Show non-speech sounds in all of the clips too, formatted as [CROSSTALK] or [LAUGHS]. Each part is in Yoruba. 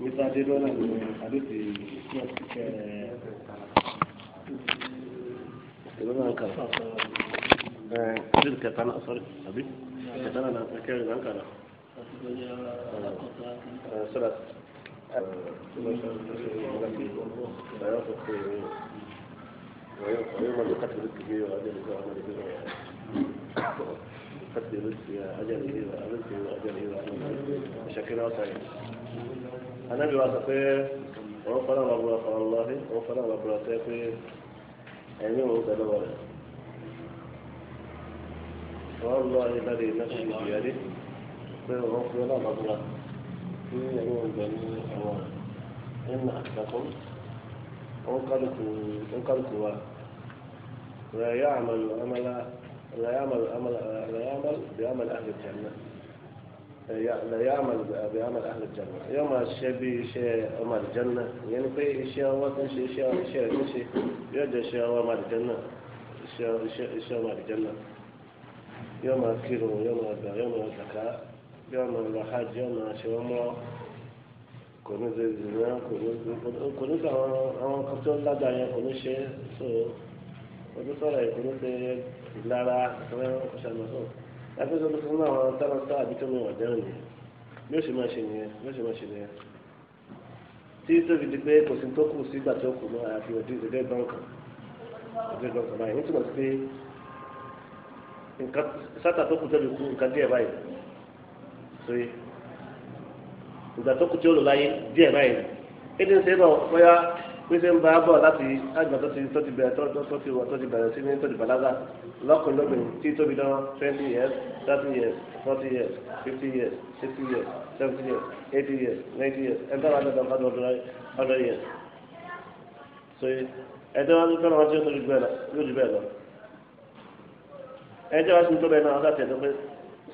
mr adedola ni adóde náà ti kẹ ẹ ìlọ́nà kan ẹ adóde kẹta náà sọrí àbí kẹta náà kẹrin náà kàrà. سلس ويوثق فيه ويوم يقتل رزقه وأجله وعمله يقتل رزقه أجله وأمله وأجله وعمله شكرا وسعيد أنا بواسطه وفر الله وفر الله وفر الله بواسطه في أيام وقت والله الذي نفسي بيده فوفر الله بواسطه في أيام وقت إن أحدكم أنقذكم الله لا يعمل عمل لا يعمل عمل لا يعمل بعمل أهل الجنة لا يعمل بعمل أهل الجنة يوم الشبي شيء يوم الجنة يعني في اشياء وطن شيء اشياء اشياء شيء يوجد اشياء مال الجنة اشياء اشياء شيء مال الجنة يوم الكيلو يوم الدع يوم الزكاة يوم الحج يوم الشيء يوم كنوز الزنا كنوز كنوز عن عن كتير لا داعي كنوز شيء سو ودو ولا كنوز لا لا كنوز شيء ما سو afẹ́sọ́ tó fún àwọn táwọn sáà àbí tó mọ ìwà dáhùn yẹn bí ó ṣe máa ṣe nìyẹn bí ó ṣe máa ṣe nìyẹn tí tóbi di pé kò sí tó kù sígbà tó kù náà àfi òdi ìdílé bánkà ìdílé bánkà báyìí ní túmọ̀ sí pé nǹkan sátà tó kù tó lè kú nǹkan díẹ̀ báyìí sóye ìgbà tó kù tí ó lò láyé díẹ̀ báyìí ẹni ń ṣe bá wọ́n yá pèsè ń bá a bọ̀ láti àgbà tó ti tó ti bẹ̀rẹ̀ tó tó ti wọ̀ tó ti bẹ̀rẹ̀ sí ní tó ti bàlágà lọ́kùnrin lóbìnrin tí tóbi dán twenty years thirty years forty years fifty years sixty years seventy years eighty years ninety years ẹgbẹ́ wa ní ọ̀dọ́ ọ̀dọ́ hundred years. so ẹjọ́ wa ní kọ́nà wọn tí ó tóbi bẹ́ẹ̀ lọ yóò ju bẹ́ẹ̀ lọ. ẹjọ́ wa sì ń tó bẹ́ẹ̀ náà wọ́n láti ẹ̀dọ́ pé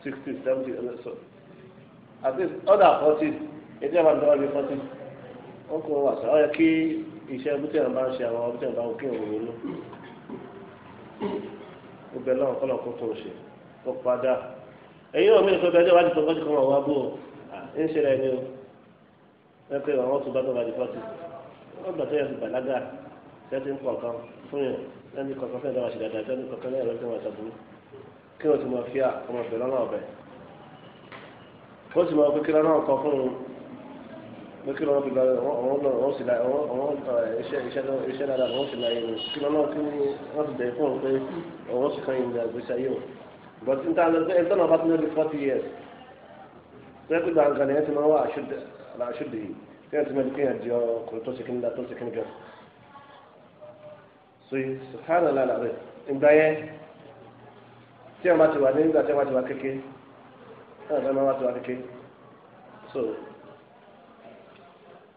sixty seventy at least other forty ẹjọ́ wa ní ọ̀dọ́ wa ní forty ó kó wà sọ iṣẹ́ ẹbútẹ́ náà bá ń ṣe àwọn ẹbútẹ́ náà bá ń kí òun ronú ó bẹ láwọn kọ́lọ̀ kó tó ń ṣe ó padà ẹ̀yin náà mìíràn pé ẹjọ́ wájú tó kọ́jú kan wà wá bó o ń ṣe rẹ̀ ni o ẹ pé àwọn tó bá tó wájú fọ́tì wọ́n gbà tó yẹ ti bàlágà sẹ́tì ń kọ̀ọ̀kan fún yàn lẹ́ni kọ̀ọ̀kan fẹ́ẹ́ dáwà ṣe dáadáa lẹ́ni kọ̀ọ̀kan lẹ́yìn lọ́jọ́ wọn ṣàbùrú kí wọ́n ti máa fi à ọmọ ìbẹ̀rẹ̀ náà ọ̀bẹ̀ wọ́n ti máa pé kí lọ́nà ọkọ̀ fún un pé kí lọ́wọ́ fi gba ọ̀rọ̀ náà ọ̀rọ̀ sì láyé ọ̀rọ̀ iṣẹ́ iṣẹ́ iṣẹ́ dáadáa ọ̀rọ̀ sì láyé kí lọ́wọ́ kí wọ́n ti bẹ̀rẹ̀ fún pé ọ̀rọ̀ sì kan ìgbà ìgbésí ayé o but n ta lọ pé ẹ̀tọ́ náà bá ti lọ́ọ́ di forty years pé pé gbàǹgà ni ẹ ti máa wà àṣùdè yìí kí ẹ ti máa di kéèyàn di ọkùnrin tó ṣe kí tó ṣe kí so sùhánà lálẹ́ rẹ̀ ìgbà yẹn tí ẹ máa ti wà ní ìgbà tí ẹ máa ti wà kéke ẹ máa ti wà kéke so.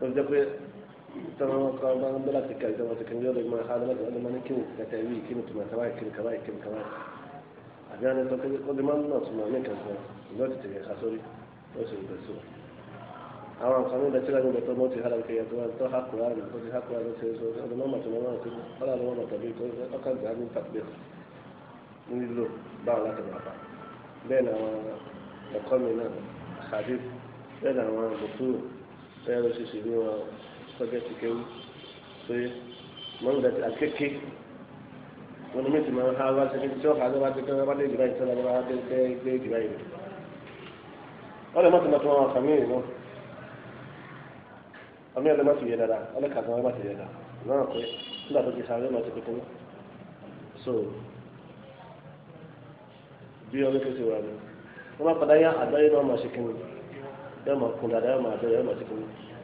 tó jẹ́ pé tọ́wọ́n kan bá ń bẹ́lá ti kà ìjọba ti kàn yọ̀lẹ̀ máa hàn lọ́dọ̀ ọdún máa ní kíni kẹta ìwé kíni tùmọ̀ kaba kíni kaba kíni kaba àbí wọn ni tó kéde ó lè máa ń nà tùmọ̀ ní kankan ìlú ọ̀tí tẹ̀lé ká sórí ó sì gbẹ̀ sí wọn. àwọn nǹkan mi bẹ̀tí lágbègbè tó mọ́ ti hàlà kẹyà tó wà tó ha kura nà tó ti ha kura ló ti sọ ọdún máa màtí máa ti ọ̀là ló máa tàbí tó ọkà gbà ní tàbí nílò báwọn láti máa fà bẹ́ẹ̀ ni àwọn ẹ̀kọ́ mi náà àdé bẹ́ẹ̀ ni àwọn gbòtúrò bẹ́ẹ̀ ló ṣe ní wọn sọ́gẹ́tì kẹ́wù pé mọ́ngàtì àkékè wọn ni méjì máa ń ha wá sí ní tí wọ́n ha lọ́wọ́ àtẹ́kẹ́ wọn bá lé ìgbà yìí sọ́dọ̀ wọn bá tẹ́ gbé ìgbà yìí. wọ́n lè má ti máa tún àwọn àfàmì yìí náà àmì ẹ̀rọ má ti yẹ dáadáa wọ́n lè kà sọ́wọ́n ti yẹ dáadáa náà pé nígbà tó ti sáré má ti pété so bí ọdún kẹsì wà ní wọ́n má padà yá àgbáyé náà má ṣe kí ni yóò mọ̀ kún dada yóò mọ̀ àjọyọ̀ yóò mọ̀ síkú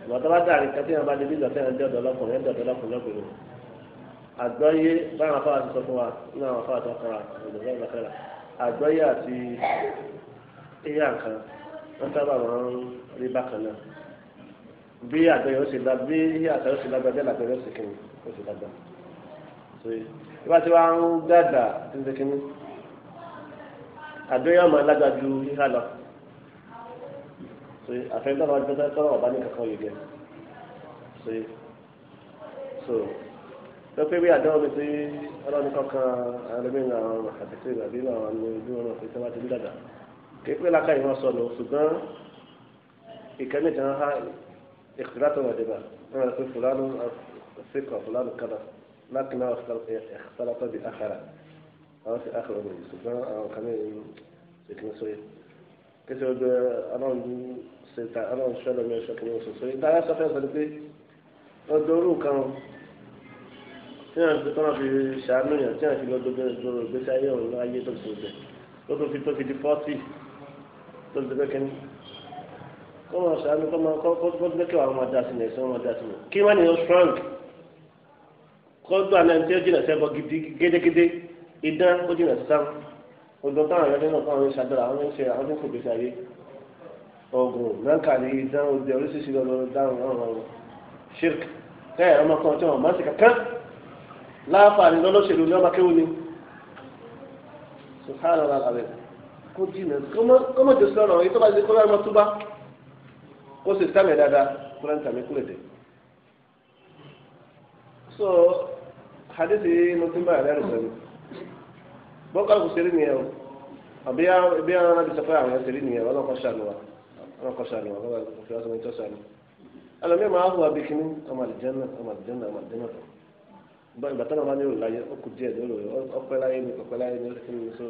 ìgbà tó bá dàrí kẹ́tí yẹn bá débi lọ sẹ́yìn ẹ̀dẹ́ ọ̀dọ́lọ́kùnrin ẹ̀dẹ́ ọ̀dọ́lọ́kùnrin lọ́kùnrin àgbọ́yé báwọn afáwà ti sọ fún wa nínú àwọn afáwà tó kọ́ra ìdòdó ìgbàkẹ́ra àgbọ́yé àti ìyá nǹkan wọ́n sábà máa ń rí bákan náà bí àgbọ́yé ó sì la bí ìyá àtàwọn sì lágbá bẹ́ẹ̀ làgbọ́yé ó sì kìnnì ó sì lágbá ìgbà tí wọ́n á ń dàgbà ní àgbọ́yé ọmọ lágbá ju ìhà lọ so àfẹnudọ́rọ̀ ọdún tọ́rọ̀ ọba ní kankan yìí gẹ̀ so so lọ́pẹ́ bí àdáwọ̀ mi sí ọlọ́ni kankan ẹlẹ́mìnira àwọn àtẹ̀tẹ̀ ìgbàgbé àwọn àmì ojú ọ̀nà òfin sábà ti bí dàda kéèpé lákàyè wọn sọnù ṣùgbọ́n ìkẹ́ni tí wọ́n há ìkìlátọ̀ wà débà wọ́n rẹ̀ pé fúlánù síkọ̀ fúlánù kàdà láti náà ìkìlátọ̀ bí àkàrà àwọn sì àkàrà òmìnir ṣùgbọ́n àwọn kan ní ìkíni sóyè que ọjọ́ aláǹdú ṣètà aláǹdú ṣẹlẹ̀ mi ẹṣọ kìnìún ṣoṣo ìta aláṣọfẹ sọ pé ọjọ́ orú kan tí wọn fi tọ́nà fi ṣàánú yàn tí wọn fi lọ́dọ̀ bẹ̀rẹ̀ dúró ìgbésí ayé ọ̀hún ayé tó ti sọ̀tẹ̀ tó tó fi tó fi di fọ́tì tó ti dẹ́kẹ́ ní. kọ́ máa ṣàánú kọ́ máa kọ́ kó dẹ́kẹ́ wà máa dá sí ní ẹ̀sán máa dá sí ní. kí wọ́n ní strong kọ́ gbà náà tí ó jìnà sẹ́kọ̀ọ́ gidi gédégédé idán ó jìnà sáwọn odò táwọn ẹ̀rọ nínú fún àwọn ìṣàdọ́rà àwọn ìṣe àwọn tó kò gbèsè ayé ọ̀gùn mẹ́ka ní ìdán òde oríṣiríṣi lọ́lọ́ dáhùn ọ̀rọ̀ ọ̀rọ̀ ṣírk kẹ́yìn ọmọ kan tí wọ́n máa ń ṣe kankan láàfààní lọ́lọ́ṣèlú ní ọba kéwù ni subhanallah alẹ́ kó jìnà kó mọ̀ jésù lọ́rọ̀ yìí tó bá ti kó lọ́rọ̀ túbá kó sì sàmì dáadáa kó lọ́rọ̀ sàmì kúrè dé. so hadith yìí mo ti ń bá yàrá ẹ̀rù pẹ̀lú bọ́kà kò sẹ́rí nìyẹn o àbí bí ara náà bí sọ fún àwọn ẹ̀sẹ̀rí nìyẹn wọn kọ́ sànù wa wọn kọ́ sànù wa wọn kọ́ fi ọsàn ìtọ́ sànù. ẹlòmíì máa hùwà bí kínní ọmọ àlìjẹ́nà ọmọ àlìjẹ́nà ọmọ àlìjẹ́nà tó ìgbà tó máa nílò láyé ó kù díẹ̀ lórí ọpẹ́ láyé ní ọpẹ́ láyé ní orí kínní so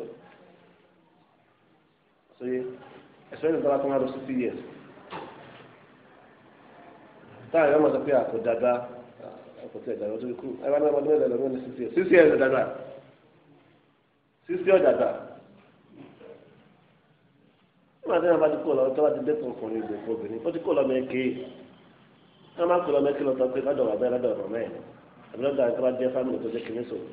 so yé ẹ̀sọ́ yìí dára tó máa lọ sí yẹ táà yọ ọmọ sísí ọ̀dàdà nígbà tí wọn bá ti kó lọ tó bá ti dẹ́kun ọkùnrin ìgbè fún obìnrin ó ti kó lọ mẹ́kẹ́ ká má kó lọ mẹ́kẹ́ lọ sọ pé lọ́dọ̀ wà bẹ́ẹ̀ lọ́dọ̀ ọ̀rọ̀ mẹ́ẹ̀ àbí lọ́dọ̀ àti wọn jẹ́ fámìlì tó jẹ́ kìíní sòrò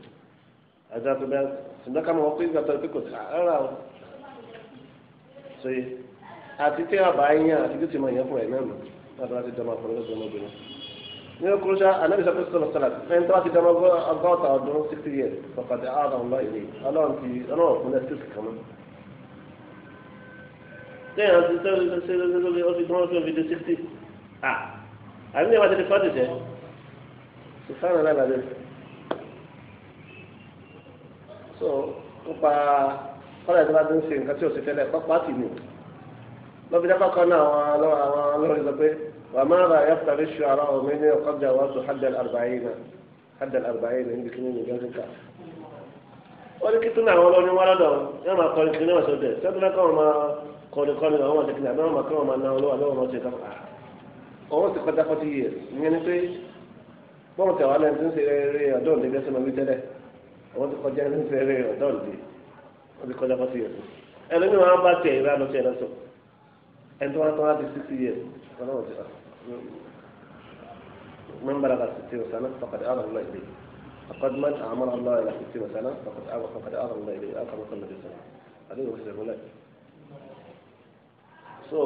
àti wọn bẹ́ẹ̀ ṣùgbọ́n ká mọ̀ wọ́n pé ìgbà tó ń pè kò sí ara o ṣe àti tí àbá yín àti tí tí mo yẹ fún ẹ̀ náà nù lọ́dọ̀ láti dọ́mọ ọkùnrin lọ́dọ̀ ọmọbìnrin nínú kúrúṣà anábì sọ pé sọ̀rọ̀ sọ̀rọ̀ ẹni tó bá ti dánwó ọgọ́ta ọdún sixty years fọkàdé ààrùn ọlọ́ ilé ọlọ́run ti ọlọ́run fún ẹ sísì kan mọ́. lẹ́yìn àti sẹ́yìn ṣe ṣe ṣe ṣe ọtí gbọ́n fún fídíò sixty à àbí ní ìwà tètè fọ́ọ̀tì jẹ́ sùfàànà náà lálẹ́. so nípa kọ́lá ìjọba tó ń ṣe nǹkan tí ò وماذا يفترض الشعراء منه قد جاوزوا حد الأربعين حد الأربعين عند كمين ذلك ولكن تنا والله ني ولا دو ما قال كنا ما سد سدنا كما قال قال هو تكنا ما كما ما نقول لو ما تكنا هو تقدر فتي يعني في bọ́n tẹ̀ wá lẹ́nu tó ń ṣe eré ọ̀dọ́ òde gẹ́sẹ̀ máa wí tẹ́lẹ̀ àwọn ti kọjá ẹni tó ń ṣe eré ọ̀dọ́ òde wọ́n ẹni tó wá tó wá di sixty years ọlọ́wọ́ ti من بلغ ستين سنة فقد أعظم الله إليه فقد من أعمر الله إلى ستين سنة فقد أعظم فقد أعظم الله إليه أكثر من النبي صلى الله عليه وسلم هذا هو سر لك so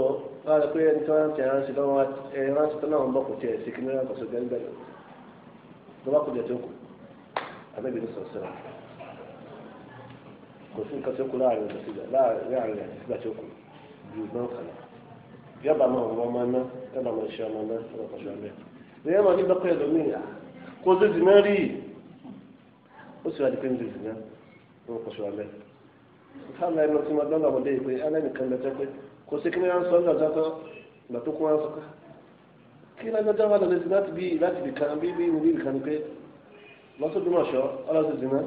قال كل أنت أنت أنا سلامات أنا سلامات بقول تي سكننا بس جالب دوا كل يتوكل أنا بنص السنة كل شيء كتوكل لا على لا لا على لا توكل يوم ما خلاص yọba máa wọ ọmọ náà yọba máa ṣe ọmọ náà yọba kọṣọ abẹ ìyá máa ní dọ́kọ̀ ẹlòmíì kó o tètè náà rí ó sì wá di pé ń tètè náà yọba kọṣọ abẹ káàmì ẹnu tí mo dọ́nà ọmọdé pé alẹ́nìkan lọ jẹ́ pé kò sí kí ni wọ́n sọ ní ọjọ́ tó ìgbà tó kún wọn sọ kí ni ọjọ́ wà lọ́dẹ láti bí láti bì kan bí bí bí kan ni pé lọ́sọ̀dúnmọ̀ṣọ́ ọlọ́sọ̀dún náà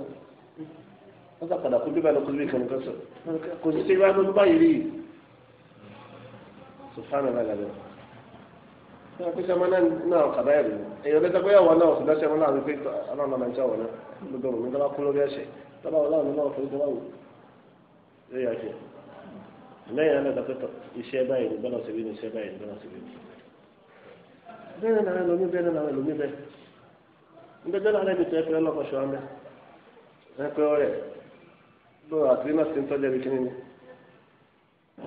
wọ́n sàpàdà kó bí báyìí lọ́kọ́ sùfàànà náà lẹ́nu. ṣé wọ́n pèsè ọmọ náà kàdá ẹ̀rù èèyàn lẹ́tọ́ pé àwọn náà ṣùgbọ́n ṣe wọn láàrin pé ọlọ́run náà máa ń jẹ́ àwọn náà gbogbo òun tó bá kú lórí ẹ̀ṣẹ̀ tó bá wọn láwọn náà fún ìjọba wò ló yà ṣe. lẹ́yìn alẹ́ dọ́kítọ̀ iṣẹ́ báyìí ní bọ́lá síbi ní iṣẹ́ báyìí ní bọ́lá síbi ní. bẹ́ẹ̀ náà lómi bẹ́ẹ̀ náà lómi bẹ́ẹ̀ nígbàjọ́ náà lẹ́bi tẹ́ fẹ́ lọ́kọ̀ ṣọ́ amẹ́ ẹ pé ọ̀rẹ́ lọ́wọ́ àti nọ́ọ̀sì ń tọ́jú ẹbí kíní ni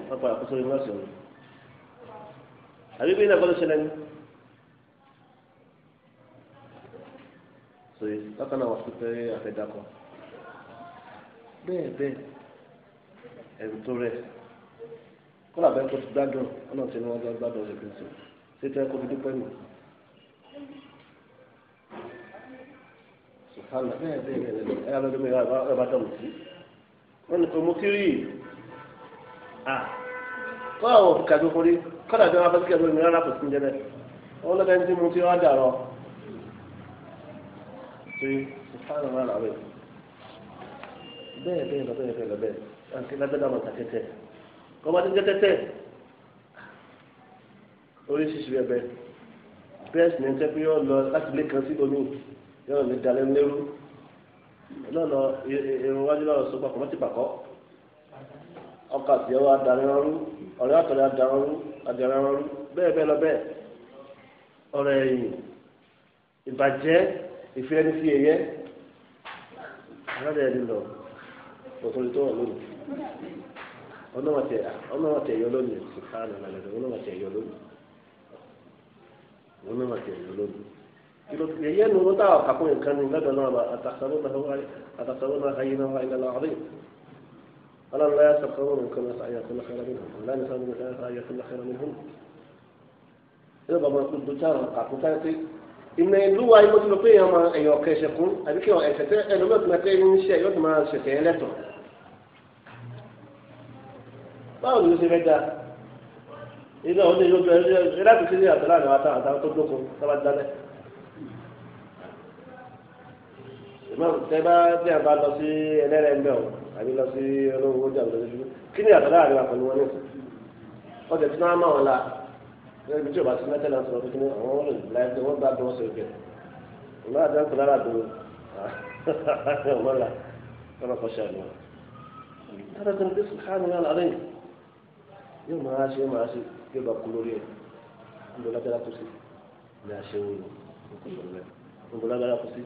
wọ́n pa àkóso nọ́ọ̀sì ọ̀hún àbí bí nàkọ́ ló ṣẹlẹ̀ ní. sòye bákan náà wà fún pẹ́rẹ́ àfẹ́dàkọ bẹ́ẹ̀ bẹ́ẹ̀ ẹ̀rù tó rẹ̀ kọ́ làbẹ́ kó ti gbádùn ọ̀nà tí wọ́n bá gbádùn ọ̀sẹ̀ kìí sọ ṣé tẹ́ kó fi dúpẹ́ nù. sùkánà bẹ́ẹ̀ bẹ́ẹ̀ bẹ́ẹ̀ bẹ́ẹ̀ ẹ̀yà lọ́dún mi ẹ̀ bá dọ̀mù sí. wọ́n ní kò mú kiri à ah. kọ́ àwọn òkú kàdúkú kọ́dà bí wọ́n bá sókè lórí mi rárá kò sí ń jẹ́ bẹ́ẹ̀ wọ́n lọ́dọ̀ ẹni tí mo ti wá dàrọ́ ṣe sùpáàlù máa làwẹ̀ bẹ́ẹ̀ bẹ́ẹ̀ lọ bẹ́ẹ̀ bẹ́ẹ̀ lọ bẹ́ẹ̀ àti lábẹ́lá máa ta tẹ́tẹ́ kọ́má ti ń jẹ́ tẹ́tẹ́ oríṣiríṣi rẹ̀ bẹ́ẹ̀ bẹ́ẹ̀ sì ní ẹni tẹ́ pé yọ lọ láti lé kan sí omi yọ lè dalẹ̀ lérú lọ́nà irun wájú lọ́rọ̀ sọ pàkọ́ ọ̀rẹ́ àtọ̀rẹ́ adarọ́rú adarọ́rú bẹ́ẹ̀ bẹ́ẹ̀ lọ bẹ́ẹ̀ ọ̀rọ̀ ẹ̀yìn ìbàjẹ́ ìfẹ́ni sí ẹ̀yẹ aládé ẹni lọ òtún tó wà lónìí ọlọ́wọ́ tẹ̀ yọ lónìí sùkánù lálẹ́ ọlọ́wọ́ tẹ̀ yọ lónìí ọlọ́wọ́ tẹ̀ yọ lónìí yẹyẹ nu wọn táwọn kakó nǹkan ní gbàgbọ́ náà àtàkùn náà ayé náà ayé náà ọ̀rẹ́ قال لا يستقرون كما يسعى كل خير منهم ولا نسأل من يسعى كل خير منهم إذا ما كنت بتشارهم قاعد تعطي ìmọ̀ ìlú wa yìí mo ti rò pé èèyàn máa èèyàn ọ̀kẹ́ ṣẹkún àbí kí ẹ̀sẹ̀ tẹ ẹlòmíràn tó máa tẹ́ ẹni níṣẹ́ yóò tó máa ṣẹ̀kẹ́ yẹn lẹ́tọ̀. báwo ló ṣe fẹ́ da ilé ọ̀hún ní ìlú ẹ̀rọ ẹ̀rọ àti sílẹ̀ àtàlà àwọn àtàwọn àtàwọn tó dókun sábà dálẹ̀. ìmọ̀ tẹ bá tẹ àbá lọ sí ẹlẹ́rẹ̀ ń bẹ̀ ọ́ àbí lọ sí olówó ọjà àbí lọ sí ṣubú kí ni àtàlà àríwá pẹ̀lú wọn nìkan ọjà tí wọ́n á máa wọn la ibi tí o bá ti mẹ́tẹ́lá ń sọ̀rọ̀ fún àwọn wọn lè láì wọ́n bá dọ́wọ́ sọ̀rọ̀ kẹ̀ ìmọ̀ àti ẹ̀kọ́ lára dùn [LAUGHS] ọmọ la ọmọ kọ́ ṣe àná tọ́lá tó ń gbé sùkánù náà lálẹ́ yìí yóò máa ṣe máa ṣe yóò bá kú lórí ẹ̀ ń bọ̀ lágbára kù sí ní aṣẹ́wó ni ń bọ̀ lágbára kù sí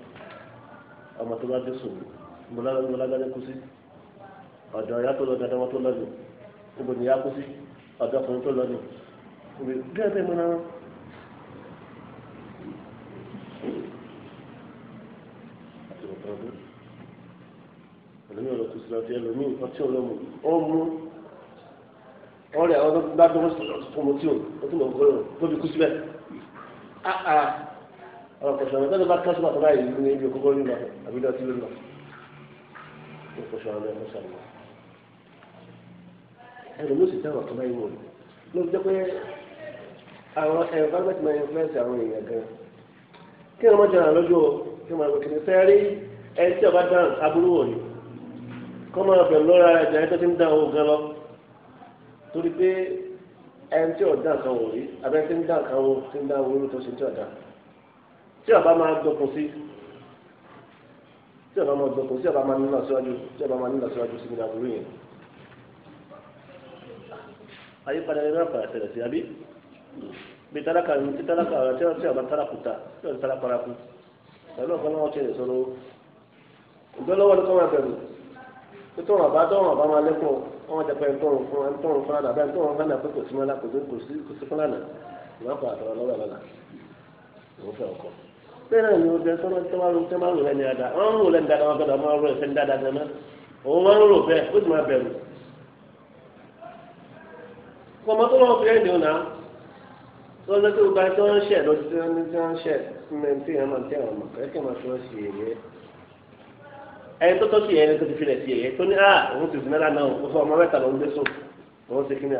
ọmọ tó bá dé sùn ń bọ̀ lágbára kù sí ọ̀dọ̀ ìyá tó lọ ní ọdọ́wọ́ tó lọ́dún níbo ni ìyá kú sí ọ̀dọ́ ọkùnrin tó lọ́dún gẹ́gẹ́ bẹ́ẹ̀ mọ́ra wọn. ẹlòmí ọ̀rọ̀ tó sílẹ̀ ọ̀tí ẹlòmí ọtí ọlọ́mù ọmú ọrẹ àwọn gbàgbọ́ ọmọ tí o ó tún bọ̀ gbọ́dọ̀ tóbi kú síbẹ̀ ọ̀rọ̀ kọ̀ṣọ́ àwọn ẹgbẹ́ bá kí wọ́n sọ́kọ̀ àtàwọn ìlú ní ibi òkúkọ́ nínú àbídọ́ tí ló lọ. ó kọ̀ṣọ́ àwọn ẹgbẹ́ sọ̀rọ̀ ẹ̀rọ ló sì tẹ̀ ọ̀tún báyìí wò ló ń jẹ́ pé àwọn environment máa influence àwọn èèyàn gan kí wọ́n jọra lójú kí wọ́n kìnnì fẹ́ rí ẹni tí ọba dáhùn aburú wò ni kọ́ máa bẹ̀rù lọ́ra ẹ̀jẹ̀ ẹni tó ti ń dáhùn òun gan lọ torí pé ẹni tí ọ̀dà kan wò rí abẹ́ni tí ń dáhùn kan wò tí ń dáhùn olú tó ṣe tí ọ̀dà tí ọba máa dọkùn sí tí ọba máa dọkùn sí ọba máa nínú àṣíwájú tí ọba máa nínú àṣíwájú sí ní aburú àyípadà ẹni náà padà ṣẹlẹ̀ sí àbí bí tálákà ẹni tí tálákà ọ̀rọ̀ tí wọ́n ti àwọn tálákùtà tí wọ́n ti tálákparakù pẹ̀lú ọ̀kan náà wọ́n ti rẹ̀ sọ̀rọ̀ ìgbẹ́lọ́wọ́ ni kọ́ máa bẹ̀rù tó wọn bá tó wọn bá máa lẹ́kọ̀ọ́ wọn jẹ pé ntọ́run fún ntọ́run fún àná abẹ́ ntọ́run fún àná pé kò sí mọ́lá kò sí kò sí kò sí fún àná ìwọ́n kọ́ àtọ̀rọ̀ lọ́wọ́ lọ́la òun fẹ́ ọkọ. bẹ́ẹ̀ náà ni o jẹ sọ́nà tí wọ́n tẹ́ máa ń rò lẹ́ni dáadáa wọ́n ń rò lẹ́ni dáadáa wọ́n gbọ́dọ̀ máa ń rò ẹ̀fẹ́ dáadáa gan-an òun máa ń rò bẹ́ẹ̀ ó sì máa bẹ̀rù kọmọ tó lọ́wọ́ fìrẹ́ ìdíwọ̀n náà tó lọ́jọ́ tó gba tó ń ṣẹ̀ lọ́jọ́ tó ń tí wọ́n ṣẹ̀ mẹ́ntì yẹn máa ń tẹ̀ wọ́n máa tó ṣe ẹni tó tó ti fi rẹ̀ sí tó ní à ah, òun ti òun ọmọ òun ti àwọn àà ẹ̀rọ ní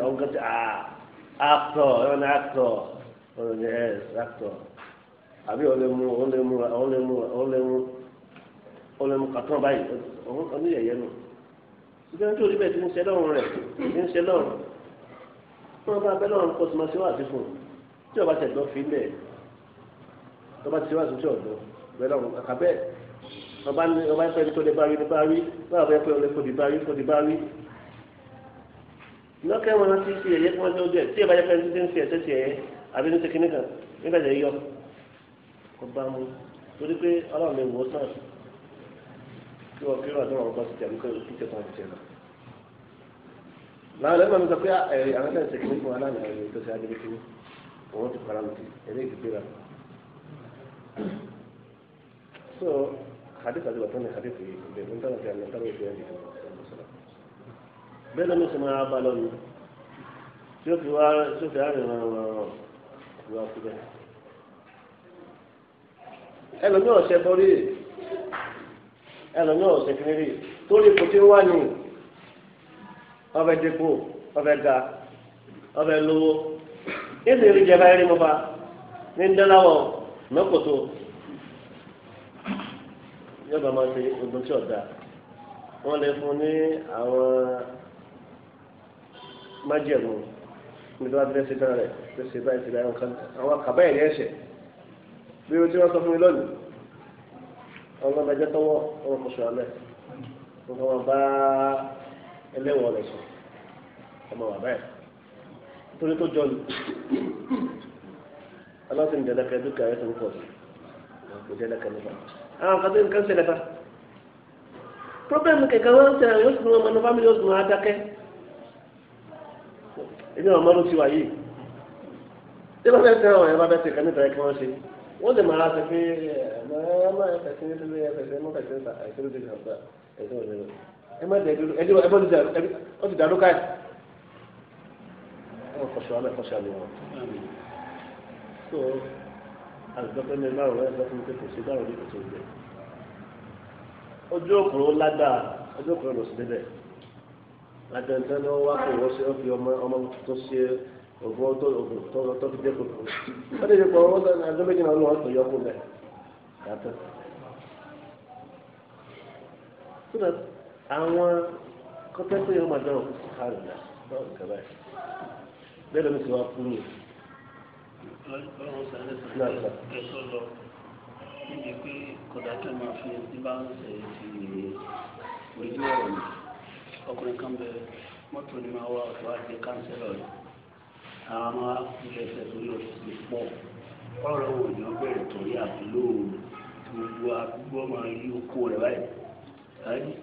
ọ̀rọ̀ ní àbí mu wọn bá abẹ́ náà kọ́ sọmọ síwájú fún un tí ọba tẹ̀ gbọ́ fílẹ̀ ọba ti síwájú tí ọ̀dọ́ bẹ́ẹ̀ náà kàkàbẹ́ ọba ní ọba ẹ̀fẹ́ tó lè bá rí ní bá rí báwo bẹ́ẹ̀ pé ọlẹ́ kò dì bá rí kò dì bá rí. lọ́kẹ́ wọn ti fi ẹ̀yẹ fún ọjọ́ díẹ̀ tí ìbá yẹ fẹ́ ti ń ẹ̀sẹ̀ ti ẹ̀yẹ àbí ní tekinní kan nígbà tẹ̀ yọ ọba láwọn ẹlẹ́gbọ́n mi sọ pé ẹ̀rí ah, eh, àwọn ẹlẹ́gbọ́n ṣe kìíní fún aláàmì ẹ̀rí tó ṣe adébí kìíní òun ti fara lùtì eré ìdígbéra. so hadith àti wàtí ni hadith yìí ìdè ní tọ́lá ti àná tọ́lá ìfẹ́ ẹ̀rí bẹ́ẹ̀ lọ́nà ìṣẹ̀mọ́ ara bá lọ́nu tí ó fi wá tí ó fi àárín wọn wọn wọ síbẹ̀. ẹlòmíràn ṣe bọ́rí ẹlòmíràn ṣe kìíní rí torí kò tí ó wà nìyí ọbẹ̀ dínkù ọbẹ̀ ga ọbẹ̀ lówó ẹsẹ̀ ìrìn jẹba ẹ̀rí mọ́ba ní ndẹ́láwọ̀ mẹ́kòtò yọba máa ṣe ogun tí ọ̀dà wọ́n lè fún ní àwọn májẹ̀mú níbi wàá bẹ́ẹ̀ ṣe dára rẹ̀ bẹ́ẹ̀ ṣe báyìí ṣe báyìí nǹkan àwọn àkàbáyé rẹ̀ ṣẹ̀ bí o ti wá sọ fún mi lónìí ọlọ́mọdé tọwọ́ ọmọ kọ̀ṣọ́ alẹ́ nǹkan wọn bá ẹlẹ́wọ̀n rẹ̀ sùn ọmọ bàbá ẹ̀ nítorí tó jọ ni aláṣẹ ní dandan kan dúkìá rẹ̀ tó ń pọ̀ sí kò dandan kan nípa àwọn kan tó ń kán ṣẹlẹ̀ fa pọ́bẹ́mù kẹ̀kẹ́ wọn ń ṣẹlẹ̀ yóò sùn ọmọ nípa mi yóò sùn adákẹ́ èmi àwọn ọmọdé ti wà yìí tí wọ́n fẹ́ẹ́ sẹ́wọ̀n ẹ̀ bá bẹ́ẹ̀ ṣe kàn níta kí wọ́n ṣe wọ́n lè máa ṣe pé ẹ̀ máa ẹ̀ máa ẹ̀ fẹ̀sẹ̀ ní ẹ má dẹ̀ dúró ẹdí ẹbọ ọ ti dàrú káyì wọn kọsọ alẹ kọsọ alẹ wọn so alùpàpẹ mi máa rẹ ẹgbẹ fún mi pé kò sí báwo ni kò sí ìgbẹ ojú òkúrò lágbàá ojú òkúrò lọ sí débẹ̀ àtẹnudẹ ni wọn wá kó wọn ṣe ọfi ọmọ ọmọ tó ṣe ògùn tó ògùn tó lọ tó fi dé kòkó wọn lè dìpọ wọn sọ ẹgbẹ méjì náà ló wọn tó yọ kó bẹ yàtọ̀ àwọn kọ́tẹ́pẹ́ yẹn máa dáhùn kó sì ká lọ́la báwo nǹkan báyìí bẹ́ẹ̀ lómi ti wá kú mi. a máa fi ẹni bá ń ṣe ti ojú ọ̀rọ̀ mi ọkùnrin kan bẹ mọ́tò ni máa wá ọ̀tọ̀ àti káńsẹ́lọ̀ rẹ̀ àwọn máa fi tó lọ sí pọ̀ ọ̀rọ̀ wò ni wọ́n bẹ̀rẹ̀ torí àbúlò gbogbo àdúgbò máa oko rẹ̀ báyìí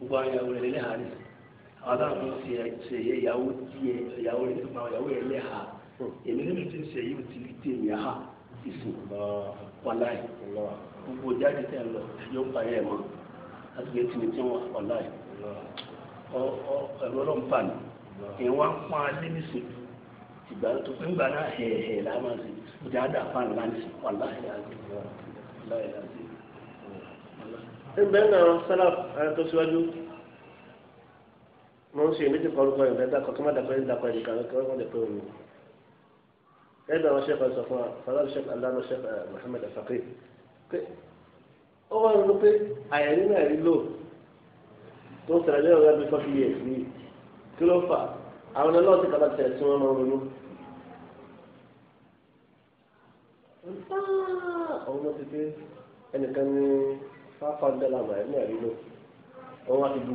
gbogbo àwọn ìyàwó rẹ̀ lẹ́lẹ́hà ni àwọn aláàbò ṣe ṣe ìyàwó díẹ̀ ìyàwó rẹ̀ nípa àwọn ìyàwó rẹ̀ lẹ́hà èmi níbi tí ń ṣe yìí ti rí tèmi àhà ìsìn wàláì gbogbo jáde tẹ̀ lọ ẹjọ́ ń parí ẹ̀ mọ́ láti gbé tìǹbù tí wọ́n wàláì ẹ̀rọ lọ́n pa ni ìwà ń pa alẹ́ nísìn ìgbà tó fún ìgbà náà hẹ̀ẹ̀hẹ̀ láwọn ṣe dáadáa pa ńlá nísìn wàláì láti wàláì láti ẹgbẹ́ ń àwọn sálàf ara tó síwájú mo ń ṣe ìmẹ́tì kọlùkọ ìgbẹ́ dákọ̀ kí má dàpẹ́ ní dàpọ̀ ìdíkà kí wọ́n dẹ̀ pé òun. ẹgbẹ́ àwọn sẹ́kọ̀ọ́ sọ fún wa fàlọ́ sẹ́kọ̀ọ́ aláàánú sẹ́kọ̀ọ́ Muhammad afakè pé ó wà nínú pé àyẹ̀rí náà rí lò tó ń tẹ̀lé ọ̀gá bí fọ́fí yẹ̀ sí kí ló fà àwọn ọlọ́ọ̀tì kàlá tẹ̀ sí wọn máa ẹnìkan ní five hundred and nine náà nílò wọn wá ti bú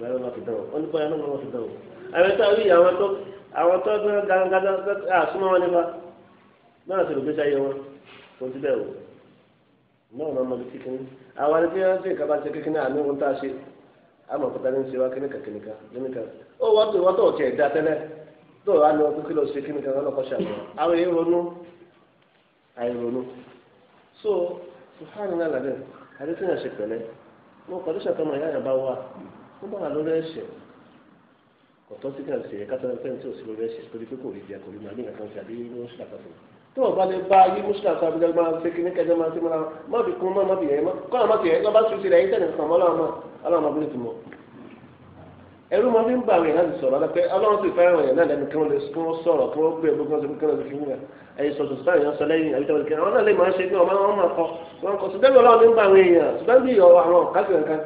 bẹ́ẹ̀ wọn ti dán o wọn ní bóyá náà wọn ti dán o. àwọn tó rí àwọn tó àwọn tó gbọ́n gàdàgàdà àsúnmọ́ ah, wọn nípa náà sì ló kaba ṣe kékeré àmì ohun tá a ṣe àmọ́ kọta ní ṣe wá kíníkà kíníkà kíníkà ó wọ́n tó wọ́n tó tiẹ̀ sùhánù náà làbẹ́ àdéhùn yẹn ṣe pẹ̀lẹ́ mo kọ́ lóṣà tọmọ ìyá yẹn bá wà mo bá wà lórí ẹ̀ṣẹ̀ kọ̀tọ́ sí kàn sí ẹ̀ka tọ́lá pẹ́ntì òsì lórí ẹ̀ṣẹ̀ torí pé kò rí jẹ kò rí màálù nǹkan sí àbí mọ́ṣúlà kan fún tó o bá lè bá yí mọ́ṣúlà kan àbí dàgbà ṣe kí ní kẹjọ máa ṣe mọ́ra má bì kún má bì yẹn má kọ́ àwọn bàtì yẹn lọ́ba tún ti rẹ̀ yín tẹ̀lé nǹkan mọ́ ọlọ́run abúlé ti mọ̀ ẹrú máa fi ń bà wẹ̀ láti sọ̀rọ̀ alẹ́ pé ọlọ́run ti fẹ́ràn yẹn náà lẹ́nu kí wọ́n lè sọ̀rọ̀ kí wọ́n gbé ẹgbẹ́ kan kí wọ́n lè fi wúra ẹ̀yìn sọ̀tún sọ̀tún èèyàn sọ lẹ́yìn àbí tọ́wọ́lì kẹrin àwọn náà lè máa ń ṣe pé ọmọ wọn máa kọ wọn kọ sùdẹ́bí ọlọ́run ní ń bá àwọn èèyàn sùdẹ́bí ìyọ̀ àwọn ọ̀káfì kankan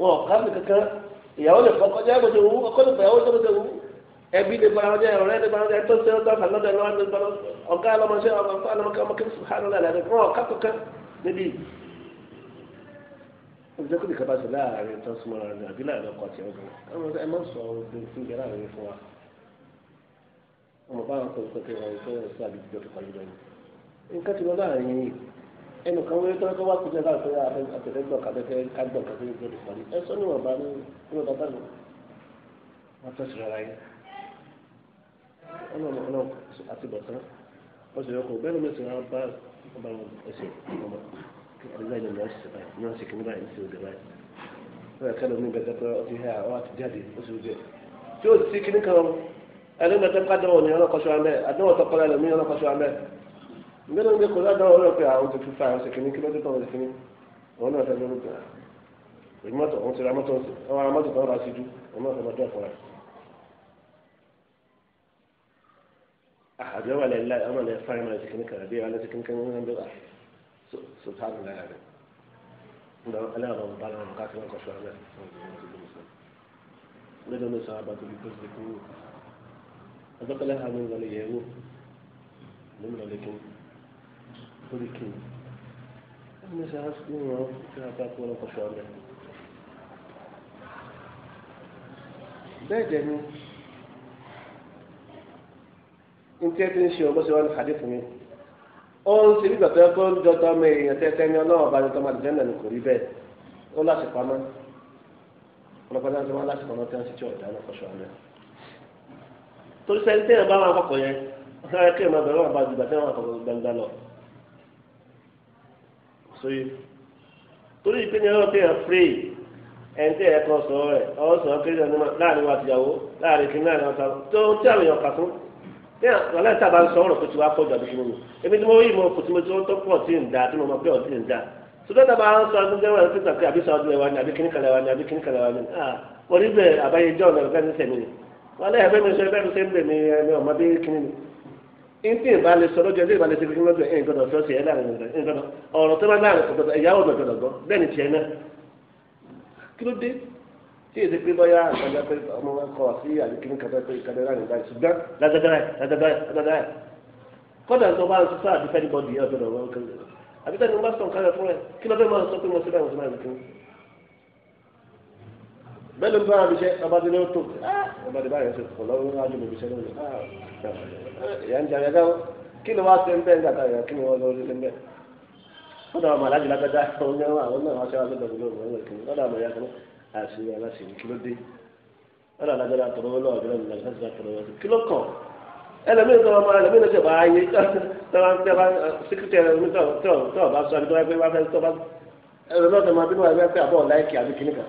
wọn ọ̀káfì kankan ìyàwó lè fọkọ jẹ́ ẹgbẹ́ tó wú ọkọ lè fọ ìyàwó tó tó wú ẹbí lè gbára ọjọ́ ọ̀rẹ́ lè gbára ọjọ́ ẹtọ́ sí ọjọ́ àfàlọ́ lọ́dọ̀ lọ́wọ́ lè gbára ọ̀gá ọlọ́mọṣẹ́ ọmọkẹ́ sùhánù lálẹ́ wọn ọ̀ká kankan níbí ọjọ́ kò ní kaba sí láàárín mọ̀ báwọn sọ sọ pé wọ́n sọ sọ àbíjú tó kọ́ yìí lọ́yìn. nǹkan ti lọ láàrin yìí ẹnu kan wọlé tọ́lọ́tọ́ wá kúndé láti ṣe àtẹ̀lẹ́gbọ̀n kàbẹ́fẹ́ kágbọ̀n kàbẹ́ ìjọ tó kọ́ yìí ẹ sọ níwọ̀n bá ní níwọ̀n bá bá lọ. wọ́n tọ́ sí rárá yìí. ọlọ́run ọlọ́run àti bọ̀tán wọ́n sì yọ kó bẹ́ẹ̀ ló mẹ́sàn án bá ọba ẹsẹ̀ ọmọ ẹni mẹta ká dáwọ kádánwò ni àmẹ ṣọ́ amẹ́ àdánwò tọkọ lẹ́nu mi olopaa ṣọ́ amẹ́ nínú ní kò ládánwò ọlọ́ pé àwọn tuntun fa ọ̀sẹ̀ kìíní kílódé tó ọ̀sẹ̀ kìíní wọn náà fẹ́ lórí gan ìmọ̀tò ọ̀hún ti ra mọ́tò ọ̀hún amọ́tò kan rà síjú ọ̀hún náà fẹ́ mọ́tò ẹ̀fọ́ rẹ̀. àjọ wà lẹ́la ọmọ lẹ́ fáyín máa ti kìíní kan àbí alẹ́ ti kìíní kan ń bẹ̀rẹ̀ sọ̀tàn lára rẹ̀ ẹlẹ́ ọjọ́ pẹ́lẹ́ àwọn ọmọ ìwọlé yẹ̀wò lómìnà lè kún lórí kí ni wọ́n mú sáà sí wọn kí wọ́n bá kúrò ọkọ̀ sọ̀rọ̀ rẹ̀. bẹ́ẹ̀ dẹ̀ ni nǹkan tí ń ṣe ọgbọ́n ṣe wá ní hadith mi ó ń ṣe bíbà tó yẹ kó ń dọ́tọ́ ọmọ èèyàn tẹ́tẹ́ ní ọlọ́wọ́ bá ní tọ́mọ àdìjẹ́nà ní kò rí bẹ́ẹ̀ ó láṣepamọ́ ọlọ́pàá náà ti wá láṣepamọ́ tí wọ́n ti tí ọ̀dà náà kọ́ṣọ́ àná torí sẹ́ni tẹ́yàn bá máa kọ̀kọ̀ yẹn ọ̀sán yẹn kéèyàn máa bẹ̀rẹ̀ wọn bá ju bàtẹ́ wọn kọ̀kọ̀ gbangba lọ. sóye torí ìpínlẹ̀ náà tẹ́yàn fúré ẹni tẹ́yàn kan sọ rẹ̀ ọ̀hún sọ kéèyàn ní láàrin wa tìyàwó láàrin kí láàrin wa tàwọn tó tí àwọn èèyàn kà fún tẹ́yàn wàlẹ́ tàbá ń sọ ọ̀rọ̀ kó ti wá pọ̀ jàdùkú nínú èmi tí mo rí ìmọ̀ kò tí mo tó tó pọ̀ tí ń da tí mo mọ̀ pé ọ̀ tí ń da sọdọ́ tàbá ń sọ agbẹ́jọ́ wọn pé tàbí àbí sọ ọdún ẹ̀wà ni àbí kíníkàlẹ̀ wa ni àbí kíníkàlẹ̀ wa ni ah oníbẹ̀ àbáyéjọ́ ọ̀nà ọ̀gá ní sẹ́mi ni wọn lẹ́yìn bẹ́ẹ̀ mi sọ bẹ́ẹ̀ mi sẹ́ ń bẹ̀ mí ẹni ọ̀mọdé kìíní ni ntí ìbálẹ̀ sọ lọ́jọ́ ilé ìbálẹ̀ sẹ́kẹ́ lọ́jọ́ ẹ̀ gbọ́dọ̀ sọ sí ẹ̀ láàrin rẹ̀ ẹ̀ gbọ́dọ̀ ọ̀rọ̀ tó bá gbà gbọ́dọ̀ ìyàwó gbọ́dọ̀ gbọ́ bẹ́ẹ̀ ni tiẹ̀ náà kí ló dé tí èsì pé bọ́yá àgbàdo pé ọmọ wa kọ́ sí àdìkíní kàtà pé kàtà láàrin báyìí ṣùgbọ́n ládàdàrà ládàdàrà ládàdàrà kọ́dà tó bá sọ àbífẹ́ ní bọ́ọ̀dù yẹ ọ̀dọ̀ bẹ́ẹ̀ ló ń bára mi ṣe ọba tó ní ó tó ọba tó báyìí ṣe kò lọ́wọ́ wájú mi ṣe lónìí ah, ah, ìyá ń jàre gáwó kí ni wọ́n ṣe ń bẹ́ẹ̀ nígbà tá ìyá kí ni wọ́n lọ sí lẹ́gbẹ́ kódà ọmọ aláàjì lágbájá òun yẹn wà òun náà wá ṣe wá lọ́dọ̀ gbogbo òun rẹ̀ kí ni kódà ọmọ ìyá kan àṣírí aláṣírí kí ló dé kódà alágbájá tọrọ wọn náà ọ̀gbẹ́rẹ́ nígbà tá tọrọ wọn kí ló kàn ẹlẹmí nǹkan ọmọ ẹlẹmí ló ṣe bá ayé [LAUGHS] tọ́ba síkírítì ẹlẹmí tọ́ tọ́ bá sọ àbí tọ́ bá fẹ́ tọ́ bá ẹlẹmí ọ̀tọ̀ máa bínú àbí àbọ̀ láìkì àbí kìnnìkan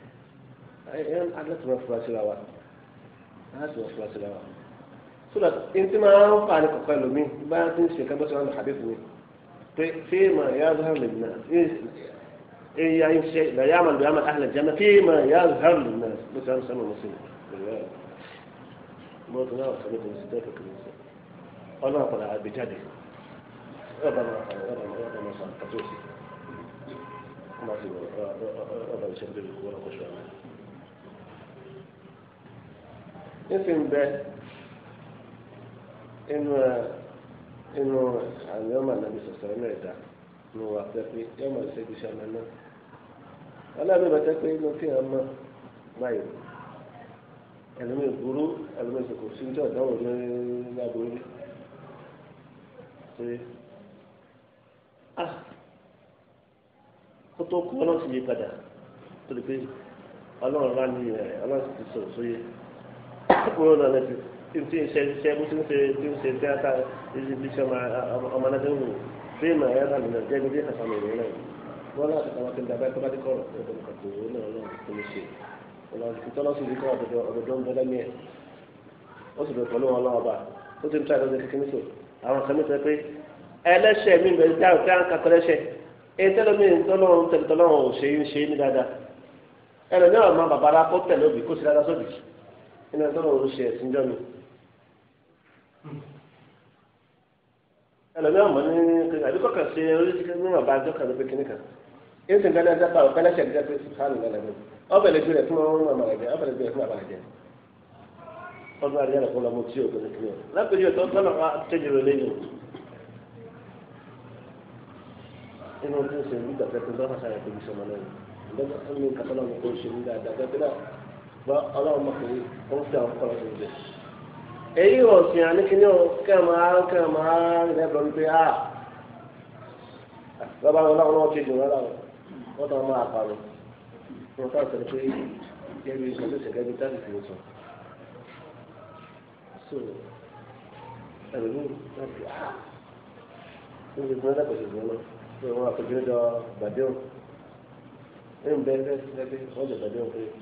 I'd like to refer to that أنا I have to refer to أنا one. So that ntí máa أنا fa ni kọ̀ọ̀kan lómi báyà tí ń ṣe لا يعمل بعمل أهل الجنة فيما يظهر للناس بس أنا سامع مسلم بالله ما تناول خليك مستفك الإنسان أنا طلع بجدي أبا ما أبا ما أبا ما صار كتوسي ما في أبا يشدد الكورة وشو nífi ń bẹ inú inú àmì ọmọ àná mi sọ̀sọ̀ inú ẹ̀dá wà pé pé yọmọ ìṣègùn ṣọlá náà ọlọ́run bá tẹ́ pé inú kí ẹ mọ̀ báyìí ẹlòmíì burú sí ní kúrò lọ lẹ́sìn tí n ti ń ṣe ṣe bó ti ń ṣe tí ń ṣe tí a ta ìṣe bí ṣe ọmọ náà dẹ́wò fíìmù ẹ̀yà náà nìyẹn jẹ́ ibi àṣà mi ìrìn náà wọ́n láti kọ́ wọn ti ń dabẹ́ tó bá ti kọ́ ọ̀rọ̀ tó ń kàtó owó náà náà tó ń ṣe ìtọ́lọ́sùn ìdíkọ́ ọ̀dọ̀dọ̀ ń bẹ lẹ́mí ẹ̀ ó sì bẹ̀ pẹ̀lú wọn lọ́wọ́ bá ó ti ń tọ́ àdọ́jọ́ kékeré sọ àwọn kan mẹ́ta pé ẹlẹ́ṣẹ̀ mi bẹ̀rẹ̀ tí àwọn nínú ẹ̀tọ́ lọ́wọ́ ṣe ẹ̀sìn jọ mi. ẹlòmí àmọ́ ní àdúgbòkàn ṣe oríṣi kí wọ́n bá àjọ kan ló pé kíní kan yín sì ń gbẹ́lẹ́ ẹ̀dá báwo gbẹ́lẹ́ ṣe ẹ̀dá pé sùkánù lọ́lẹ̀ mi ọbẹ̀ lè gbé rẹ̀ fún ọmọ àmàlàjẹ ọbẹ̀ lè gbé rẹ̀ fún àmàlàjẹ ọdún àríyá rẹ̀ fún ọmọ tí o kò ní kí ni o lápẹjù ẹ̀tọ́ tọ́lọ̀ wá tẹ́jú rẹ̀ lẹ́yìn inú tí ń ṣe nígbà pẹ́ẹ́tì bá fàṣà rẹ̀ gba ọlọ́run mọ̀ pé ó ń fi àwọn kọ́lọ̀ tó ń bẹ̀. èyí ọ̀sìn àníkíní ò kẹ́ẹ̀mà kẹ́ẹ̀mà rẹ̀ lọ wípé a bàbá wọn láwọn náà ṣe jù wọn láwọn wọn tó máa parọ́ wọn sọ pé jẹ́bi ah, nǹkan ló ṣẹ̀kẹ́